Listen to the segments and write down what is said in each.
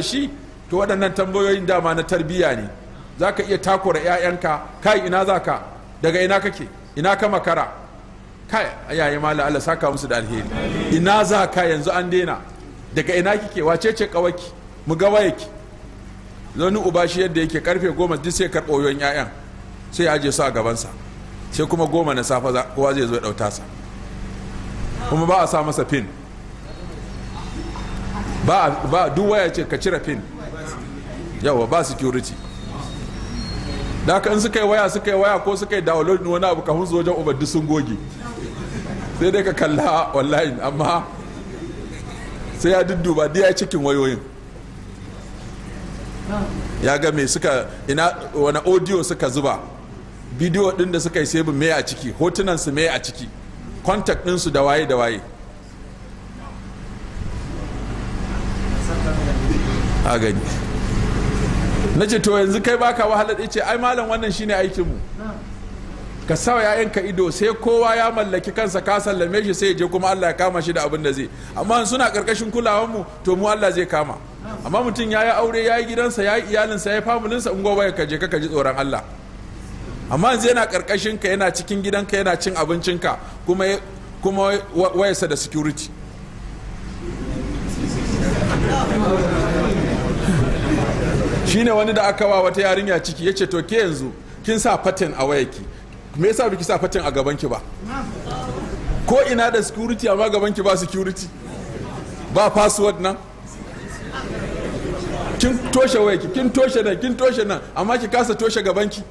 shi to waɗannan tambayoyin dama na tarbiyya ne za ka iya takura 'ya'yanka kai ina za ka daga ina kake ina ka makara kai yayi mala Allah saka musu da alheri ina za ka yanzu an daina daga ina kike wace ce kawaki mu ga wayaki zoni uba shi yadda yake karfe goma duk sai karɓo yawan 'ya'yan sai ya aje su a gabansa sai kuma goma na safa kowa zai zo ya ɗauta sa kuma ba a sa masa fin ba duk waya ce ka cire pin yawa ba security da ka in suka yi waya suka yi waya ko suka yi download wani abu kafin su wajen ubandu sun goge sai dai ka kalla online amma sai ya dudduba ya cikin wayoyin ya ga me suka ina wani audio suka zuba bidiyo din da suka yi sebin me a ciki hotunan su me a ciki kontak ɗinsu da waye da waye a gani na ce to yanzu kai baka wahalar ce ai malam wannan shine aikinmu ka sa yayanka ido sai kowa ya mallaki kansa ka sallame shi sai yaje je kuma Allah ya kama shi da abin da zai amma suna karkashin kulawar mu to mu Allah zai kama amma mutum ya yi aure ya yi gidansa ya yi iyalinsa ya yi famulinsa in gobe ka je ka ji tsoron Allah amma yanzu yana karkashin ka yana cikin gidanka yana cin abincinka kuma kuma wayarsa da security shine wani da aka wa wata yarinya ciki ya ce to ke yanzu kin sa fatin a wayaki me yasa biki sa fatin a gaban ki ba ko ina da security amma gaban ki ba security ba password nan kin toshe wayaki kin toshe nan kin toshe nan amma ki kasa toshe gaban ki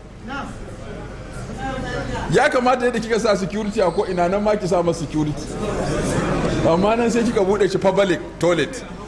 ya kamata yadda kika sa security a ko ina nan ma ki sa ma security amma nan sai kika bude shi public toilet